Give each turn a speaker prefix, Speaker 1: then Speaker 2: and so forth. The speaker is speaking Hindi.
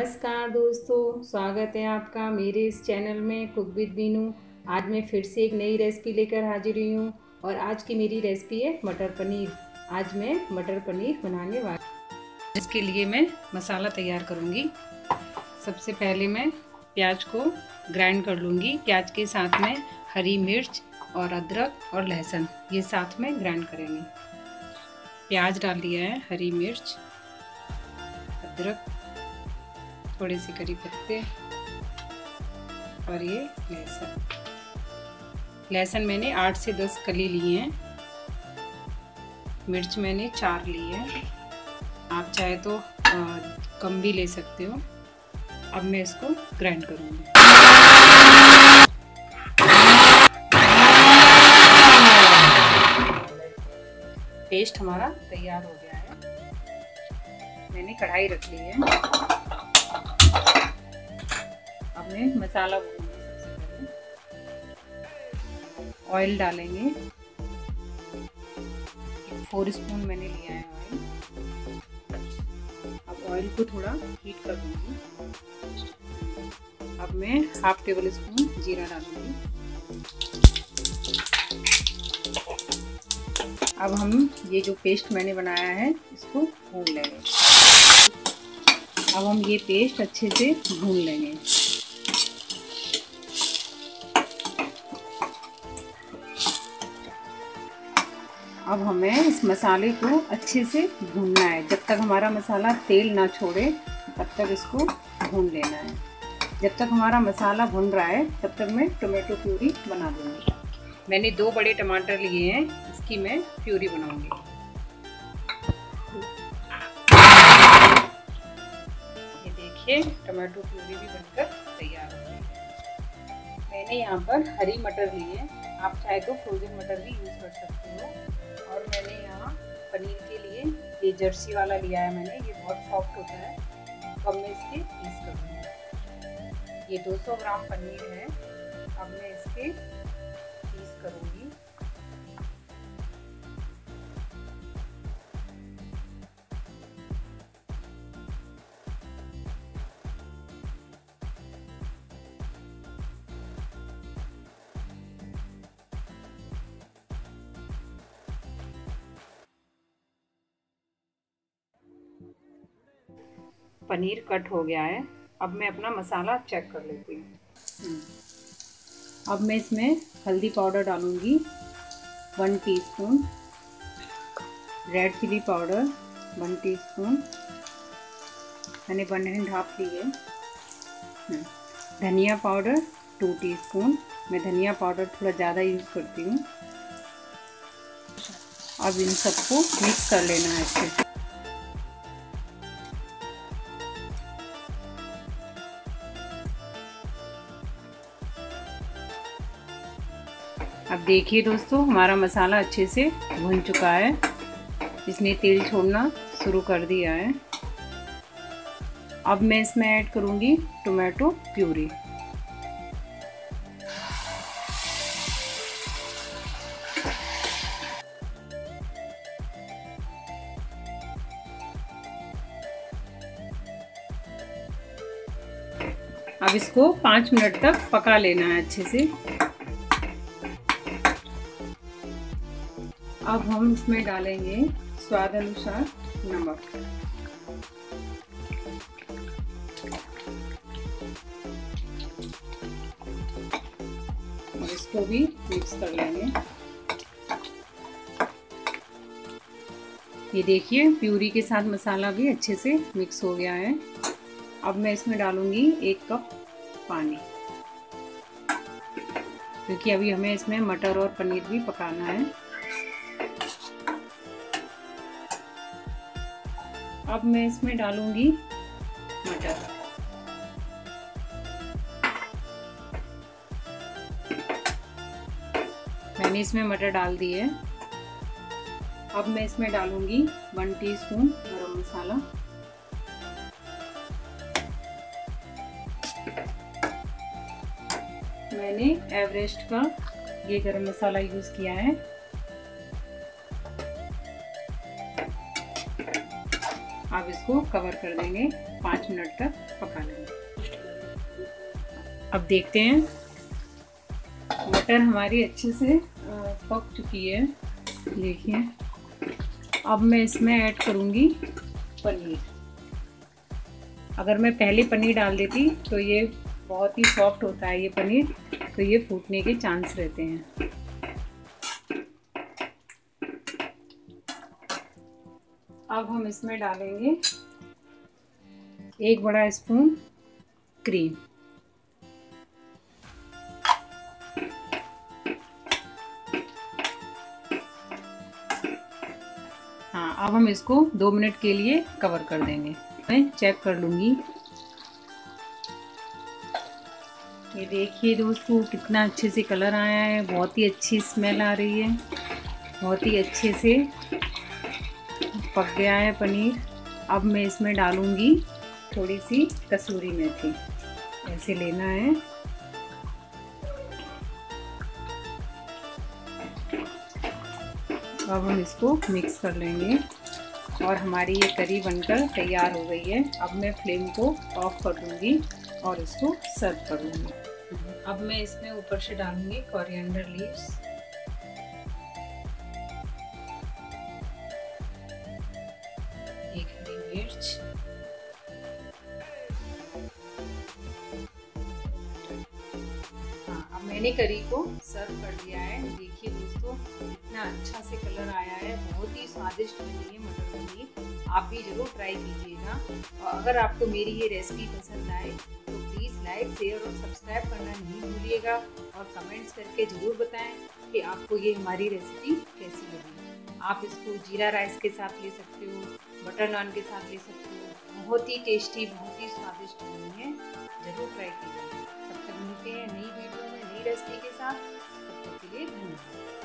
Speaker 1: नमस्कार दोस्तों स्वागत है आपका मेरे इस चैनल में कुक विद बीनू आज मैं फिर से एक नई रेसिपी लेकर हाजिर हुई हूँ और आज की मेरी रेसिपी है मटर पनीर आज मैं मटर पनीर बनाने वाली इसके लिए मैं मसाला तैयार करूँगी सबसे पहले मैं प्याज को ग्राइंड कर लूँगी प्याज के साथ में हरी मिर्च और अदरक और लहसुन ये साथ में ग्राइंड करेंगे प्याज डाल दिया है हरी मिर्च अदरक थोड़े से करी पत्ते और ये लहसुन लहसुन मैंने आठ से दस कली लिए हैं मिर्च मैंने चार ली है आप चाहे तो आ, कम भी ले सकते हो अब मैं इसको ग्राइंड करूँगी पेस्ट हमारा तैयार हो गया है मैंने कढ़ाई रख ली है अब मैं मसाला ऑयल डालेंगे फोर स्पून मैंने लिया है ऑयल अब ऑयल को थोड़ा हीट कर दूंगी अब मैं हाफ टेबल स्पून जीरा डालूंगी अब हम ये जो पेस्ट मैंने बनाया है इसको भून लेंगे अब हम ये पेस्ट अच्छे से भून लेंगे अब हमें इस मसाले को अच्छे से भूनना है जब तक हमारा मसाला तेल ना छोड़े तब तक इसको भून लेना है जब तक हमारा मसाला भुन रहा है तब तक मैं टोमेटो प्यूरी बना दूँगी मैंने दो बड़े टमाटर लिए हैं इसकी मैं प्यूरी बनाऊँगी ये देखिए टमाटो प्यूरी भी बनकर तैयार हो गई मैंने यहाँ पर हरी मटर लिए हैं आप चाहे तो फ्रोजन मटर भी यूज़ कर सकते हो और मैंने यहाँ पनीर के लिए ये जर्सी वाला लिया है मैंने ये बहुत सॉफ्ट होता है तो अब मैं इसके पीस करूँगी ये 200 ग्राम पनीर है अब मैं इसके पीस करूँगी पनीर कट हो गया है अब मैं अपना मसाला चेक कर लेती हूँ अब मैं इसमें हल्दी पाउडर डालूँगी one teaspoon, red chilli powder one teaspoon, मैंने वन एंड हाफ ली है हम्म। धनिया पाउडर टू टीस्पून, मैं धनिया पाउडर थोड़ा ज़्यादा यूज़ करती हूँ अब इन सबको मिक्स कर लेना है अच्छे से अब देखिए दोस्तों हमारा मसाला अच्छे से भुन चुका है इसने तेल छोड़ना शुरू कर दिया है अब मैं इसमें ऐड करूँगी टोमेटो प्यूरी अब इसको पाँच मिनट तक पका लेना है अच्छे से अब हम इसमें डालेंगे स्वाद अनुसार नमक और इसको भी मिक्स कर लेंगे ये देखिए प्यूरी के साथ मसाला भी अच्छे से मिक्स हो गया है अब मैं इसमें डालूंगी एक कप पानी क्योंकि अभी हमें इसमें मटर और पनीर भी पकाना है अब मैं इसमें डालूंगी मटर मैंने इसमें मटर डाल दी है अब मैं इसमें डालूंगी वन टीस्पून गरम मसाला मैंने एवरेस्ट का ये गरम मसाला यूज़ किया है आप इसको कवर कर देंगे पाँच मिनट तक पका लेंगे अब देखते हैं मटर हमारी अच्छे से पक चुकी है देखिए अब मैं इसमें ऐड करूँगी पनीर अगर मैं पहले पनीर डाल देती तो ये बहुत ही सॉफ्ट होता है ये पनीर तो ये फूटने के चांस रहते हैं अब हम इसमें डालेंगे एक बड़ा स्पून क्रीम हाँ अब हम इसको दो मिनट के लिए कवर कर देंगे मैं चेक कर लूंगी ये देखिए दोस्तों कितना अच्छे से कलर आया है बहुत ही अच्छी स्मेल आ रही है बहुत ही अच्छे से पक गया है पनीर अब मैं इसमें डालूंगी थोड़ी सी कसूरी मेथी ऐसे लेना है अब हम इसको मिक्स कर लेंगे और हमारी ये करी बनकर तैयार हो गई है अब मैं फ्लेम को ऑफ कर दूँगी और इसको सर्व करूँगी अब मैं इसमें ऊपर से डालूंगी कोरिएंडर लीव्स left. हाँ, अब मैंने करी को सर्व कर दिया है देखिए दोस्तों इतना अच्छा से कलर आया है बहुत ही स्वादिष्ट बनी है मटर पनीर आप भी जरूर ट्राई कीजिएगा और अगर आपको मेरी ये रेसिपी पसंद आए तो प्लीज़ लाइक शेयर और सब्सक्राइब करना नहीं भूलिएगा और कमेंट्स करके ज़रूर बताएं कि आपको ये हमारी रेसिपी कैसी लगी आप इसको जीरा राइस के साथ ले सकते हो बटर नान के साथ ले सकते हो बहुत ही टेस्टी बहुत ही स्वादिष्ट बनी है ज़रूर ट्राई कीजिए तब तक मिलते हैं नई वीडियो में नई रेसिपी के साथ तब तक के लिए धन्यवाद